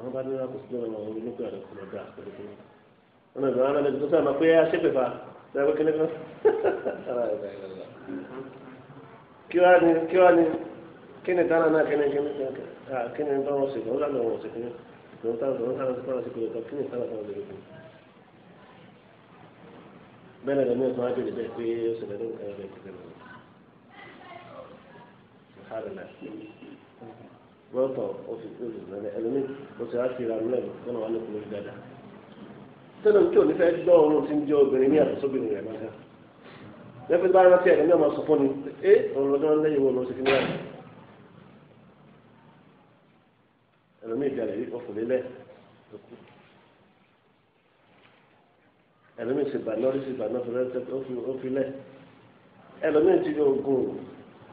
àwọn bá dúró àkóso lọ́wọ́ àwọn olóògbé àlọ́ kò lọ dá àkóso tó wọn lọ sọ̀rọ̀ alẹ́ tó sáà máa pé aṣẹ́pẹ̀ fa lọ́wọ́ kí lẹ́kọ́ kí wàá ní kí wàá ní kí ni tánà náà kí ni kí ni kí ni bá wọn ṣèkọ́ lọ́wọ́ wọn ṣèkọ́ lọ́wọ́ táwọn lọ́wọ́ táwọn ṣèkọ́ lọ́wọ́ ṣèkọ́ lọ́wọ́ kí ni tánà táwọn lè bẹ́ẹ̀ lẹ́nu ẹ̀sán á bèrè bẹ́ẹ̀ pé ó ṣẹlẹ̀ lóun kan ẹ̀rọ ìkọ̀kẹ́ lọ́wọ́ gbọ́dọ̀ oṣù tó lè lọ́lẹ̀ ẹlòmíì oṣù àti ìlànà náà lọ́kọ́ náà wà lóko lórí dada. sẹ́nu tí òní fẹ́ gbọ́ ọ̀run ti ń jẹ́ obìnrin ní àtọ́sóbìnrin rẹ̀ lọ́sẹ̀. lẹ́fẹ̀ẹ́ bá rántí ẹ̀rọ náà máa sọ fún mi ẹ ọ̀run lọ́dọ́ lẹ́yìn wọn lọ́sẹ̀ kìnìyà. ẹlòmíì ìjà rẹ̀ ọkùnrinlẹ̀ lókù. ẹlòmíì ìsìnbà náà ó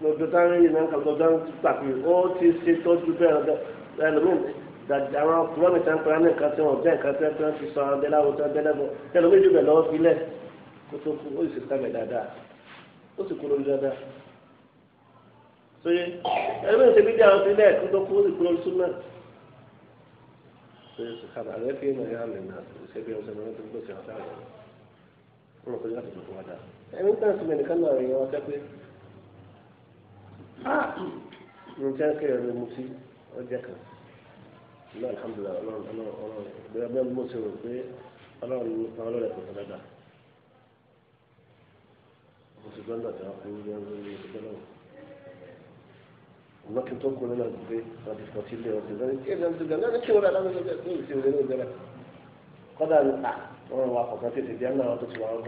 lọ́jọ́ tá ń rí iná kan lọ́jọ́ ń pàpè ó ti ṣe tọ́jú bẹ́ẹ̀ ẹlòmíì dàdí àwọn fúlọ́mì tá ń pera ní nǹkan tí wọ́n bẹ́ẹ̀ nǹkan tí wọ́n ti sọ àwọn abẹ́láwo tó abẹ́lẹ́bọ̀ ẹlòmíì jù bẹ́ẹ̀ lọ́wọ́ filẹ̀ kó tó kú ó sì sábẹ̀ dáadáa ó sì kú lórí dáadáa sóye ẹlòmíì ti bí dí àwọn filẹ̀ kó tó kú ó sì kú lórí súnmọ́ sóye sùkàbà àlẹ́ fi ìmọ̀ yà mí náà ṣe bí ọ̀sẹ̀ mọ́ ẹni tó ń mo jẹ́ kí ẹ̀rọ mu sí ọjọ́ kan náà alhamdulilayi ọlọ́run ọlọ́run ọlọ́run bẹ́ẹ̀ bẹ́ẹ̀ mo ṣe rò pé ọlọ́run ní pa ọlọ́run ẹ̀kọ́ dáadáa mo sì gbọ́dọ̀ tẹ̀ ọ́ fún yíyan lórí ìṣẹ́ náà ọmọ kí n tó kún nínú àgbègbè wọn ti fọtí lé ọ̀sẹ̀ lórí kí ẹ̀rọ ti gbẹ̀rẹ̀ lórí kí wọ́n rà lọ́wọ́ ìṣẹ́ kọ́dà ń ta wọn wà kọ̀ọ̀kan tètè díẹ̀ náà tó ti wà wọn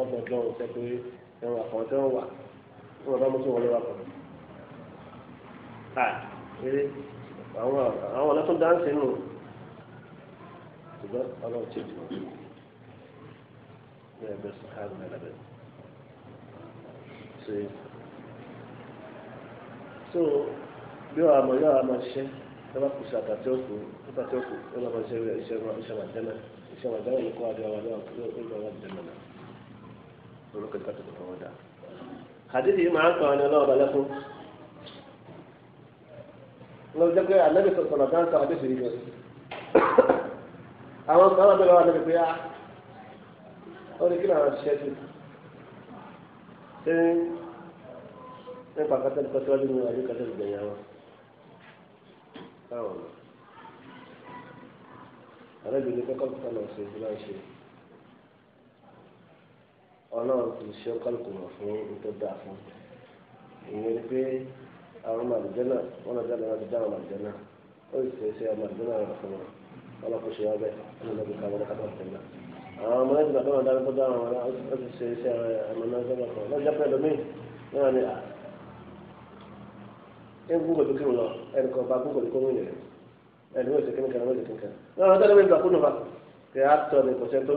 kọ́ eré àwọn àwọn ọ̀nà tó dáńsì nù ṣùgbọ́n ọlọ́run ti dùn ní ẹgbẹ́ sàkárù mẹ́lẹ́bẹ̀ ṣe so bí wàá mọ yóò máa ṣe ẹ bá kù sí àtàtì òkú àtàtì òkú ẹ bá máa ṣe iṣẹ́ iṣẹ́ màjẹ́nà iṣẹ́ màjẹ́nà yìí kọ́ adé wa náà ó lọ́wọ́ jẹ́nà náà olùkọ́ ìkàtúntò kan wọ́n dà. àdéhìí máa ń kàn án ní ọlọ́run lọ́wọ́ jẹ́ pé ànábì sọ̀rọ̀ dáńtà àdéṣe yìí lọ. àwọn sọ̀rọ̀ bẹ̀rẹ̀ wà lẹ́bi pé á ah, wọ́n ní kí làwọn ṣiṣẹ́ sí. ṣé nípa kátà ní kọ́síwájú ní àbí kátà ní gbẹ̀yìn àwọn. báwo ni ànábì ní kọ́kọ́ kọ́kọ́ náà ṣe ìdílé ṣe ọlọ́run ti ṣe kọ́lùkùnà fún ìtọ́jú àfún ìyẹn pé àwọn ọmọ àlùjẹ́nà wọn lọ jáde wọn ti dá àwọn àlùjẹ́nà ó sì ṣe ṣe ọmọ àlùjẹ́nà rẹ̀ fún wọn wọn lọ kó ṣe wọn bẹ́ẹ̀ wọn lọ bí ká wọn kápá fún wọn. àwọn ọmọ ẹgbẹ́ tó wọn dáná tó dá àwọn ó sì ṣe ṣe ọmọ náà jẹ́ lọ́kọ̀ lọ́jọ́ pẹ́ lómi náà ni egun gbèdú kí n lọ ẹnì kan bá gbogbo ìkó mi nìyẹn ẹnì wọ́n ti kíni kan wọ́n ti kíni kan náà wọ́n tẹ́lẹ̀ mi gbà kúnnù fa kì á tọ́ ní kọ̀ṣẹ́ tó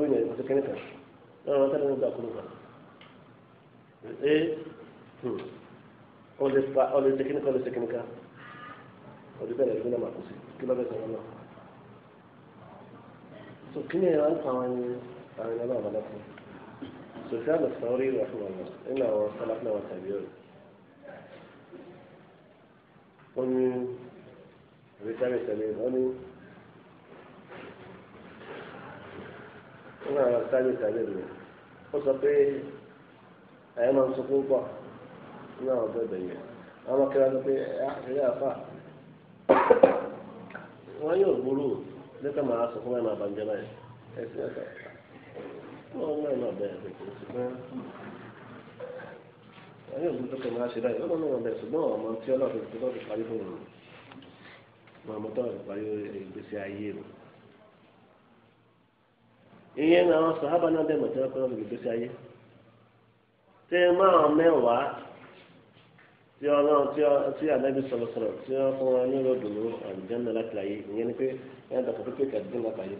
ọlẹ ṣe kíníkà ọlẹ ṣe kíníkà ọdún bẹ́ẹ̀ lẹ́yìn náà máa kó sí kí lọ́bẹ̀ sọ̀rọ̀ náà. so kí ni ẹ̀rọ ń pa àwọn ẹni àwọn ẹni náà bàdá fún sofia lọ sọ orí ìwà fún ọmọ nínú àwọn sálákì náà wọn tàbí ọ̀rẹ́ wọn ní rìtárì sẹlẹ wọn ní wọn náà sábẹ sẹlẹ rẹ wọn sọ pé àyẹ̀mọ̀ sọ fún pọ̀. náà ọ̀dọ́ ìbẹ̀yẹ àwọn kẹrẹ ló pé àṣírí ah, àfà wọn yóò burú lẹ́tọ̀ máa sọ fún ẹ̀ma àbànjẹ́ báyìí ẹ̀sìn ẹ̀sìn wọn náà náà bẹ̀rẹ̀ pé kò sí pé wọn yóò burú lẹ́tọ̀ máa ṣe báyìí wọn náà bẹ̀rẹ̀ ṣùgbọ́n ọmọ tí tí ọlọ́run tí ọ tí ànábi sọ̀rọ̀ sọ̀rọ̀ tí wọ́n fún wọn ní ìrọ̀dùnú àlùjánnà láti láyé ìyẹn ni pé ẹ̀yà dàpọ̀ pípé kàdín láti láyé.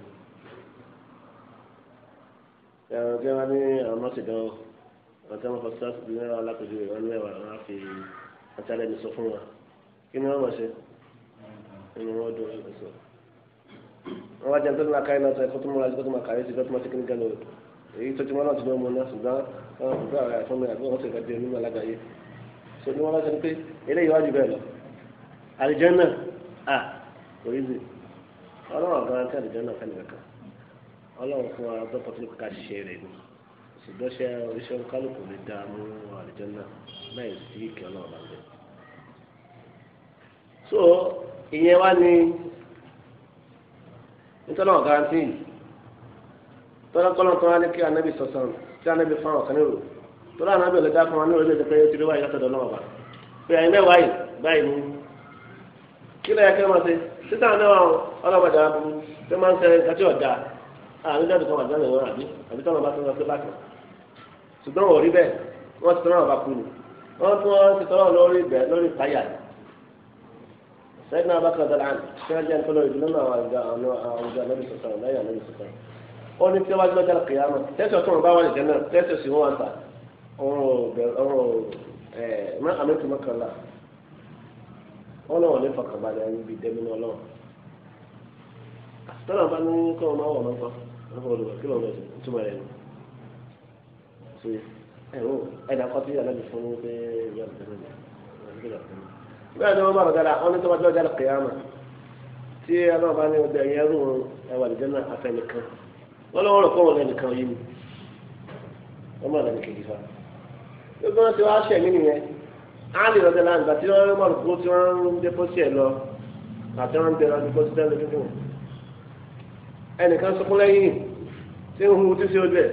ẹ̀rọ jẹ́ wọn ní àwọn mọ́sídọ́ọ̀ wọn tí wọ́n fọ síláàsì bí mẹ́wàá alákòjú rẹ̀ wọ́n mẹ́wàá wọn á fi àti ànábi sọ fún wọn kí ni wọ́n mọ̀ ṣe ẹni wọ́n dún ẹ̀sọ́. wọ́n wá jẹ́ nítorí máa káyé náà tó ẹ̀kọ́ tó múra ẹ̀kọ́ tó máa káyé sí ẹ̀kọ́ tó máa ṣe kíni gánà èyí tó sọ ni wọn bá sọ pé eléyìí wájú bẹ́ẹ̀ lọ àlìjánà à kò yí zi ọlọ́run àgbára tí àlìjánà fẹ́ nìkan kan ọlọ́run fún wa dọ́pọ̀ tó ní kíkà ṣiṣẹ́ rẹ̀ ni ṣùgbọ́n ṣe oríṣiríṣi kálukú lè dá mú àlìjánà láì sí ìkẹ́ ọlọ́run àgbẹ̀ so ìyẹn wá ní nítorí ọ̀gáńtì tọ́lá kọ́lọ́ tó wá ní kí anábì sọ̀sán tí anábì fáwọn kan ní rò tọ́lá àná bẹ̀rẹ̀ ká fún wa ní orí ẹ̀jẹ̀ pé ó ti rí wáyé látọ̀dọ̀ náà wà pé àyìn mẹ́wàá yìí báyìí ni kí lóye kẹ́ máa ṣe títà náà ọlọ́mọdé aburú tó máa ń sẹ kàtí ọ̀dà àmì jáde kan àjọ ìwọ̀n àbí àbí tọ́lá bá tọ́lá pé bákan ṣùgbọ́n wọ́n rí bẹ́ẹ̀ wọ́n ti tọ́lá bá kú ni wọ́n tún wọ́n ti tọ́lá lórí ìbẹ̀ lórí ìpáyà sẹ́yìn abakar dara àná sẹ́yìn jẹ́ nítorí ìdílé náà àwọn àwùjọ ànábì sọ̀tàn lẹ́yìn ànábì sọ̀tàn ó ní tí wọ́n bá jẹ́ lọ́jà kìyàmù tẹ́sí ọ̀tún ọ̀bá wà ní jẹ́ náà tẹ́sí ọ̀sìn wọn wà ń ta ọ̀rọ̀ ọ̀rọ̀ ẹ̀ mẹ́kàmẹ́tì mọ́kànlá ọlọ́wọ̀n ní fàkàbalẹ̀ níbi dẹ́mínà ọlọ́wọ̀n tọ́lá bá ní kọ́ ọmọ àwọn ọmọ kan lọ́wọ́ olùwà kí lọ́wọ́ ẹ̀sìn túmọ̀ rẹ̀ nù. ṣe ẹ̀rọ ẹ̀dá kọ́ sí aláàbí fún mi pé ìyá mi tẹ́lẹ̀ bẹ́ẹ̀ ni wọ́n bá lọ́dọ̀ àwọn nítorí ọjọ́ ọjà lọ́kẹ́ yàrá tí aláwọ̀ bá ní ọjà yẹn rú ẹwà lè dẹ́nà afẹ́nìkan wọ́n lọ́wọ́ rẹ̀ kọ́ wọn lẹ́nìkan yìí ni wọ́n bá gbogbo wọn ti wá ṣẹ̀ mí nìyẹn áàlì rọ̀dẹ̀ láàrin gbàtí wọ́n rí mọ̀lù kó tí wọ́n ń dé pósí ẹ̀ lọ gbàtí wọ́n ń bẹ̀rẹ̀ ọdún pósí tẹ́lẹ̀ tuntun ẹnìkan sọkún lẹ́yìn tí ń hu tí sí ojú ẹ̀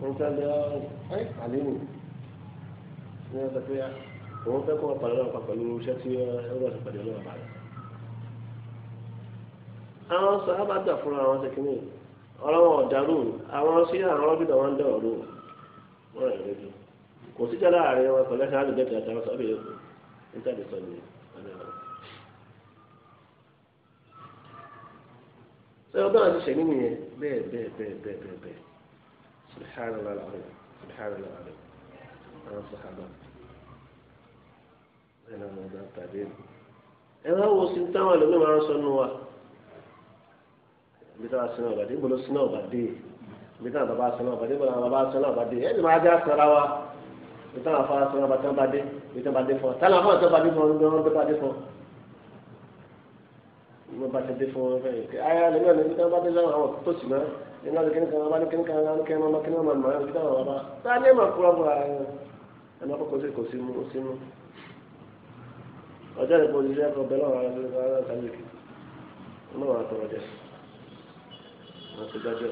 òun fẹ́ lọ ẹ́ àlẹ́ nì ní ọ̀sẹ̀ tó yá òun fẹ́ kó wọn pàdé lọ́wọ́ pàpàlú iṣẹ́ tí ẹgbẹ́ ọ̀sẹ̀ pàdé lọ́wọ́ bàrẹ̀ àwọn sọ wọ́n sọ ṣé bẹ́ẹ̀ bẹ́ẹ̀ bẹ́ẹ̀ bẹ́ẹ̀ bẹ́ẹ̀ bẹ́ẹ̀ àwọn sàhábà ẹ̀ náà tàbí ẹ wo sí táwọn ẹlòmíràn sọ nù wa bí táwọn sinú sinú bí táwọn bàbá sọ náà bàdé bọ̀dọ̀ àwọn bàbá sọ náà bàdé ẹni máa já sọra wa bí táwọn afọ sọ náà bàtà bàdé bí táwọn bàdé fọ táwọn afọ sọ bàdé fọ ní wọn bàdé fọ wọn bàtà dé fọ ayé alẹ́ náà níbi táwọn bàdé lọ́wọ́ àwọn tó sì máa nínú àti kíni kan abáni kíni kan abáni kíni kan kíni kan màmá bí táwọn bàbá táwọn ní ma kúrọ̀ bọ̀ ẹ̀ ẹ̀ má kókó sí kò sí mú sí mú ọjọ́ ìpò òṣìṣẹ́ ẹ̀kọ́ bẹ́ẹ̀ lọ́wọ́ àwọn ọ̀rọ̀ àtàlẹ́kì ọlọ́wọ́ àtọ̀rọ̀ jẹ́ àti dájọ́.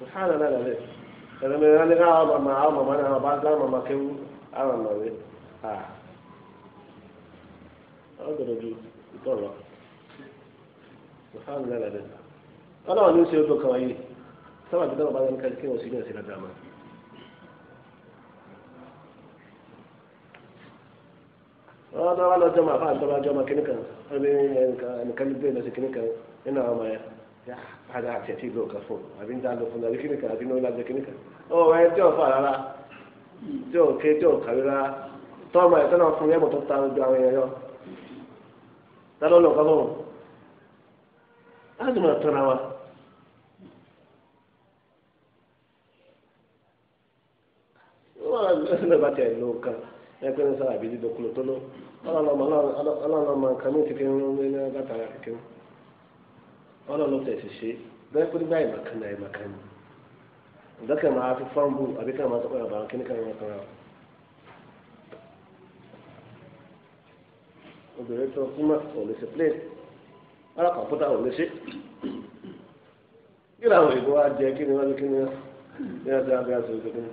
subhana na lɛ ɛlɛ mɛ ɛlɛ ka awa mama awa mama na ba ka mama kewu awa mama lɛ aa awo gbɛdɔ du itɔ lɔ subhana na lɛ ɔlɔ wani o se o do kama yi sábà bí dáhùn bá yẹn kájí kéwọ́n sí ní ẹ̀sìn àdàmà. wọ́n dọ́ wá lọ jọmọ àfa àti ọba jọmọ kínní kan ẹni ẹnìkan ẹnìkan ló gbé lọ sí kínní kan nínú àwọn ọmọ yẹn. padà àti ẹtí ìlú ọ̀kan fún àbí ń dá lọ fún àbí kíníkà àbí náà lájẹ kíníkà ọ̀rọ̀ ẹ tí ò fà rárá tí ò ké tí ò kàwé rárá tọ́ọ̀mù ẹ̀ tọ́nà fún yẹ́mọ̀ tó ta gbogbo àwọn èèyàn yọ tálọ́ lọ kọ́ lọ́wọ́ láti máa tọ́ra wa. wọ́n lọ bá tiẹ̀ lọ kan ẹgbẹ́ ní sára àbí dídọ́kulọ̀ tó lọ ọlọ́run ọmọ nǹkan mi ti fi ń rún ní bàtà kékeré ọlọ́run tẹ̀ sí ṣe bẹ́ẹ̀ pé nígbà ìmọ̀kan náà ìmọ̀kan ni ǹjẹ́ kẹ́ máa fi fọ́nbù àbí kẹ́ máa sọ́kọ́ ìyàbá kí ní kẹ́ máa tọ́ra. obìnrin tó súnmọ́ ò lè ṣe plé ara kọ̀ǹpútà ò lè ṣe kí làwọn òyìnbó wa jẹ kí ni wọ́n ní kí ni wọ́n ti abẹ́ àti òṣèlú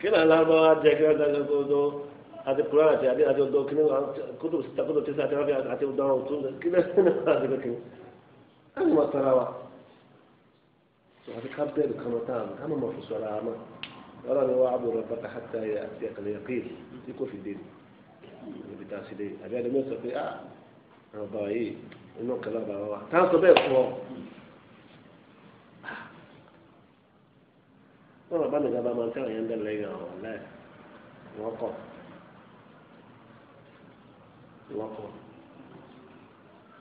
kí ni alábọ̀ wa jẹ kí wọ́n ti abẹ́ àti àti kura àti àti àti ọdọ kí ni kótó tẹsán àti ọdọ àti ọdọ ọtún kí ni wọ́n ti abẹ́ kí ni á ní wà tara wa àti ká bẹ̀rù kan tá a ká má ma fòsọ ara ma lọ́la ni wà á bọ̀rọ̀ bàtà hàtà yà àti àkàlẹ̀ yàkéyì tí kò fi dé ni ibi tá a sì dé àbí àdé mẹ́sàn pé a ah, àwọn bàbá yìí inú kẹlẹ́ bàbá wa tá a sọ bẹ́ẹ̀ fọ́ wọ́n bàbá mi gbàgbà máa ń tẹ́wọ̀n yẹn ń bẹ̀rẹ̀ lẹ́yìn àwọn ọ̀la ẹ̀ wọ́n kọ̀ wọ́n kọ̀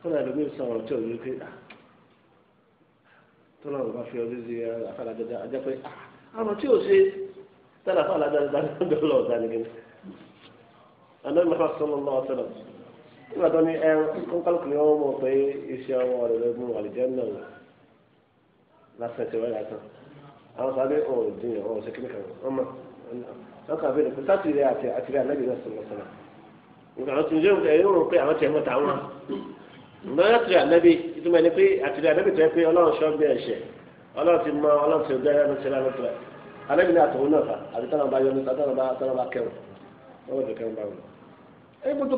kọ́nà ẹlòmíì sọ ọ̀rọ̀ tí ò tọ́lá ò bá fi ọdún sí àfàlàgbẹ́dá ajápẹ́ ah, àrùn tí ò ṣe tẹ́lẹ̀ àfàlàgbẹ́dá dọ́là ọ̀dà nìkan. àná mi hàn sọ́nà lọ́wọ́ sọ́nà nígbà tó ní ẹran kọ́ńkálùkù ni wọ́n mọ̀ pé iṣẹ́ ọwọ́ rẹ̀ lẹ́gbọ̀n àlìjẹ́ náà lásán ti wáyà tán àwọn sábẹ́ ọ̀rọ̀ jìnnà ọ̀rọ̀ ṣe kíníkà ọmọ ọkọ̀ àbẹ̀rẹ̀ pé sátìrì àti àtìrì àlẹ́gbẹ̀ẹ́ náà mọ̀lá tìrì ànábì ìtumọ̀ ẹni pé àtìrì ànábì tó yẹ pé ọlọ́run ṣọ́ bí ẹ̀ṣẹ̀ ọlọ́run ti mọ ọlọ́run ti gbẹ́rẹ́ ló ti rẹ́ lọ́tọ̀ ànábì náà àtọ̀wọ́ náà fà àbí tọ́lá bá yọnu tọ́lá bá tọ́lá bá kẹrù ọlọ́run ti kẹrù bá wọn.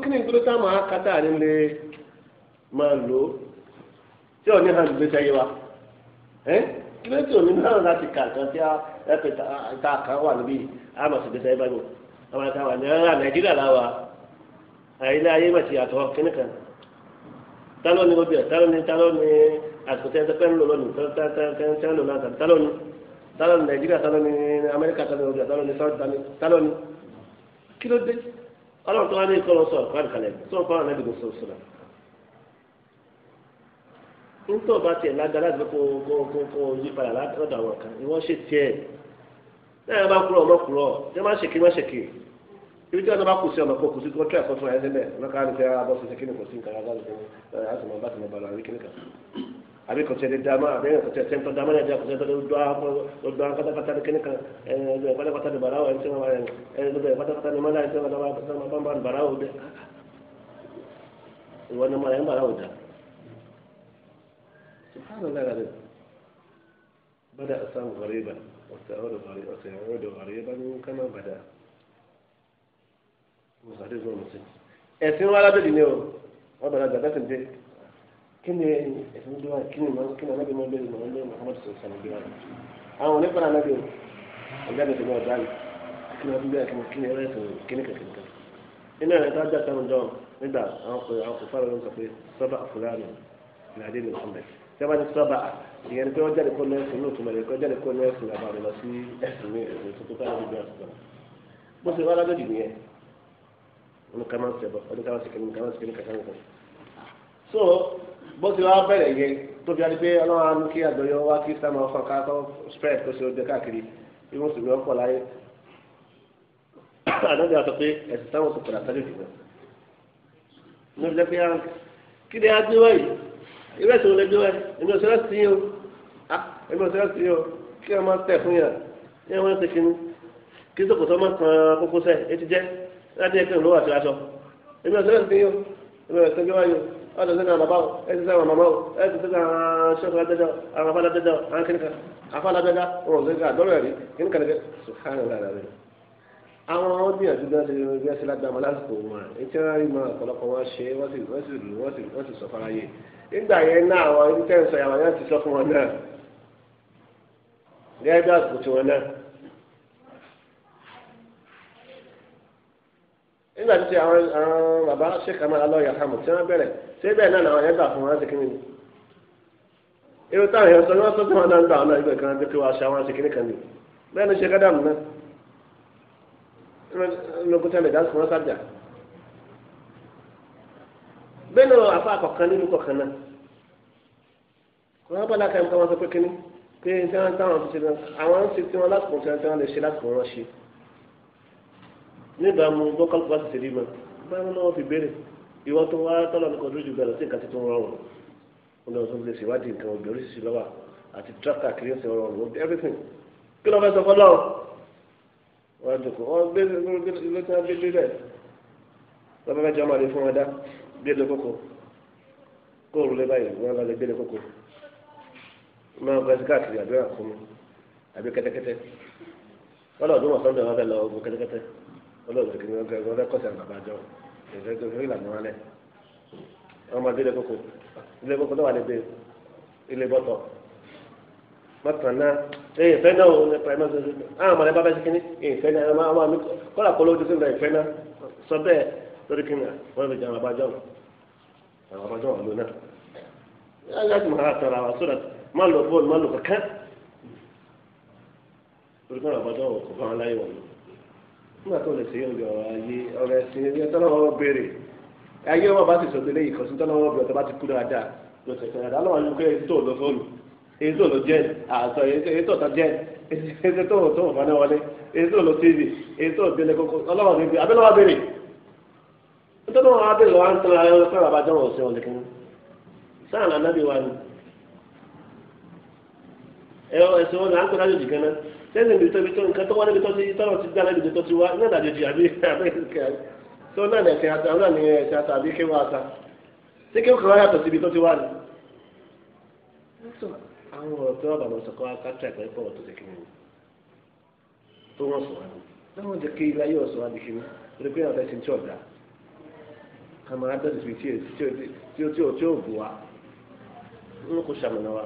kí ni ìgbọ́dọ̀ tá a máa kátà nílé máa lò ó tí ò ní hàn wa ẹ kí ló ti tálọ́ ni ọbẹ̀ tálọ́ ni tálọ́ ni àtúntẹ́ntẹ́pẹ́ ńlọ lọ́nu tẹ́ntẹ́ntẹ́ ńlọ lọ́nu tálọ́ ni tálọ́ ni nàìjíríà tálọ́ ni amẹ́ríkà tálọ́ ni ọbẹ̀ tálọ́ ni sáwọ́dì tálọ́ ni kí ló dé ọlọ́run tó wá ní ìkọlọ sọ àkọ́rẹ́ kalẹ̀ tó ń fọ́nrán lẹ́bi gbèsè òṣùlá nítorí ọba tiẹ̀ lágbára láti kó kó kó kó yí padà látọ̀dọ̀ àwọn kan ìwọ́n ṣe tiẹ̀ náà yẹn bá kúrò ọmọ kúrò ṣé má ṣèké má ibi tí wọn bá kù sí ọmọ kó kù sí kó tẹ ẹ̀kọ́ fún ẹ níbẹ̀ lọkà á ní fẹ abọ sí kíni kò sí nǹkan agbára fún ẹ àti mọ bàtì mọ bàlọ àbí kíni kan àbí kò tẹ ẹ dama àbí kò tẹ ẹ tẹntọ dama yẹn kò tẹ ẹ tẹ ọdọ ọdọ pátápátá ní kíni kan ẹ ẹ pátápátá ní bàrà ẹ sẹwọn bẹẹ mọlá ẹ sẹwọn ẹ pátápátá ní bàrà ọ bẹ ìwọ ni mọlá ẹ bàrà ọ e patapata ni mola e bara بدأ سام غريبا وسيعود غريبا كما بدأ ẹ̀sìn wọn alábẹ́lì ni o wọn bẹ̀rẹ̀ àgbà bẹ́sẹ̀ dé kí ni ẹ̀sìn gbé wọn kí ni wọn kí ni alábẹ́lì wọn bẹ̀rẹ̀ wọn bẹ̀rẹ̀ Muhammad sọ̀rọ̀ sọ̀rọ̀ gbé wọn. àwọn onípa náà o ọ̀gá mi ti gbọ́ ọ̀gá mi kí ni wọn bẹ̀rẹ̀ kí ni kí ni ẹ̀rẹ́ sọ̀rọ̀ kí ni kẹ̀kẹ́ kẹ̀kẹ́. inú ẹ̀rẹ́ tó ajá sanu dán nígbà àwọn kò àwọn kò fáwọn sọ pé sọ́ba fúlàní ìlàdé ni Muhammad sẹ́wọ́n ti sọ́ba ìyẹn pé wọ́n jáde kó lẹ́sìn ní òtún mẹ́rin kó jáde kó lẹ́sìn àbàmì lọ sí ẹ̀sìn ní ẹ̀sìn tó tó fẹ́ràn gbogbo ẹ̀sìn bó ṣe wá lábẹ́ dì nìyẹn oníkàmá sẹbọ oníkàmá sẹkẹni oníkàmá sẹkẹni kàkà nǹkan. so bó ti wá bẹ̀rẹ̀ yẹn tó fi wá ní pé ọlọ́run á mú kí àjọyọ̀ wá kí sáà máa fọ́n káàkọ́ spread kó ṣe oúnjẹ káàkiri bí wọ́n sì lọ pọ̀ láyé. àdóbi [COUGHS] àtọ pé ẹ̀sìn táwọn sọ padà sálẹ̀ jù lọ. ní ìjẹ́ pé ah, kí ni a gbé wáyé ìrẹsì ò lè gbé wáyé èmi ò sẹ́rẹ́ sí yín o ah, èmi ò sẹ́rẹ́ sí yín o kí láti ẹgbẹ́ òun ló wà sí aṣọ èmi ọ̀sẹ̀ náà ti ọ̀sẹ̀ ọ̀dọ̀ o ẹ̀sìn sẹ́ni o ẹ̀sìn sẹ́ni aṣọ́kọ̀ adájọ́ àwọn afárá adájọ́ àwọn kìnìkan afárá adájọ́ wọn ò sẹ́ni àdọ́rọ̀ ẹ̀rí kìnìkan ní sùkánilá rẹ̀ àwọn ọ̀gbìyànjú náà ṣe bí ẹsẹ̀ lágbàmọ́ lásìkò wọn ètí wọn rí máa ọ̀pọ̀lọpọ̀ wọn ṣe wọ́n sì nígbà tí àwọn àwọn bàbá ṣèkà máa lọ yàhámù tí wọ́n bẹ̀rẹ̀ ṣé bẹ́ẹ̀ náà làwọn yẹn gbà fún wọn ṣe kí ni. irú táwọn èèyàn sọ ni wọ́n sọ fún wọn náà gbà wọn náà ìgbà kan tó kí wọ́n aṣọ àwọn ṣe kí ni kan ni bẹ́ẹ̀ ni ṣe kádàmù náà lókun tẹ́lẹ̀ dá fún wọn sábìà. bẹ́ẹ̀ ni àfa àkọ́kàn nínú kọ̀ọ̀kan náà wọ́n bá lákàá níbàámu vocal class ṣe rí ma báyọ̀ náà wọ́n fi béèrè ìwọ tó wá tọ́lọ̀ ní kọ́dúrú jù bẹ̀rẹ̀ sí nǹkan títún rọrùn wọn lọ sọ fún mi nǹkan ọ̀gbìn oríṣiríṣi lọ́wọ́ àti tractor kiri ọ̀sẹ̀ rọrùn everything kí ló fẹ́ sọ fọ́lọ́ wọn jòkó wọn gbé ilé tí wọn gbé gbé bẹ́ẹ̀ wọn fẹ́ jọmọ ní fún wọn dá gbé lé kókó kóòrù lé báyìí wọn lọ lè gbé lé kókó máa gbé sí káàkiri àbí àkómi àbí kẹ́tẹ́kẹ́tẹ́ wọn lọ ọdún wọn sọ́ndọ̀ ọlọ́ọ̀dọ̀ kí wọ́n kẹ́kọ̀ọ́ lẹ́kọ̀ọ́sẹ̀ àgbàjọ ẹ̀fẹ́ tó fi ìlànà wọn lẹ̀ ọmọdé ilé koko ilé koko náà wà lébe ilé bọ́tọ̀ mọ̀tànà ẹ̀yìn ìfẹ́ náà òun nípa ẹ̀mọ́ sọ́sọ́ àwọn ọmọdé bá bá ṣe kínní ẹ̀yìn ìfẹ́ náà ọmọ mi kọ́lá kọ́ lójú sí ìfẹ́ náà sọ bẹ́ẹ̀ lórí kínní wọ́n fi jẹ àwọn abájọ́ àwọn abájọ́ wọn lónà láti mọ̀ ara tọ̀ra wa sódà má lọ bọ́ọ̀lù má lọ kankan lórí kínní àwọn abájọ́ wọn kò bá wọn láyé wọn lọ nígbà tó lè ṣe yóò yọ ayé ọ̀rẹ́ ẹ̀sìn ẹni ọ̀tọ́ náà wọ́n béèrè ayé wọn bá ti sọ gbélé yìí kọ̀sí tọ́lọ́wọ́ bí ọ̀tọ́ bá ti kú dáadáa lọ sẹ̀kẹ̀ dáadáa lọ́wọ́ ayé pé èyí tó lọ fóònù èyí tó lọ jẹ́ àtọ̀ èyí tó tọ́ jẹ́ èyí tó tó wọ̀n wọlé èyí lọ tv èyí tó délé kókó ọlọ́wọ́ níbi abẹ́lẹ́wọ́ béèrè nítorí wọn á béèrè wọn á ń tẹ́lẹ̀ ayé pé bàbá jọ̀wọ́ sí ọ̀lẹ́ kan sáà sẹ́yìn ibi tó ibi tó nǹkan tó wá níbi tó ti tọ́nà ti dáná ibi tó ti wá iná ìdàjọ́ jì àbí àbẹ́kẹ́ tó náà ní ẹ̀sìn ata náà ní ẹ̀sìn ata àbí kéwà ata ṣé kéwà kan yàtọ̀ síbi tó ti wá ni. àwọn ọ̀rọ̀ tó wà bàbá sọ kọ́ akátá ẹ̀kọ́ ẹ̀kọ́ ọ̀tọ̀ tẹ̀kí ni tó wọ́n sọ wá ni láwọn jẹ́ kí ilé ayé ọ̀sọ̀ wá di kíní torí pé àwọn ẹ̀sìn tí ọ̀dà àmọ́ adẹ́sìn tí ó bù wá ń kó ṣàmùnà wa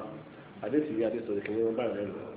àdéhùn ìyá àdéhùn ìkíní wọn bá rẹ̀ lọ.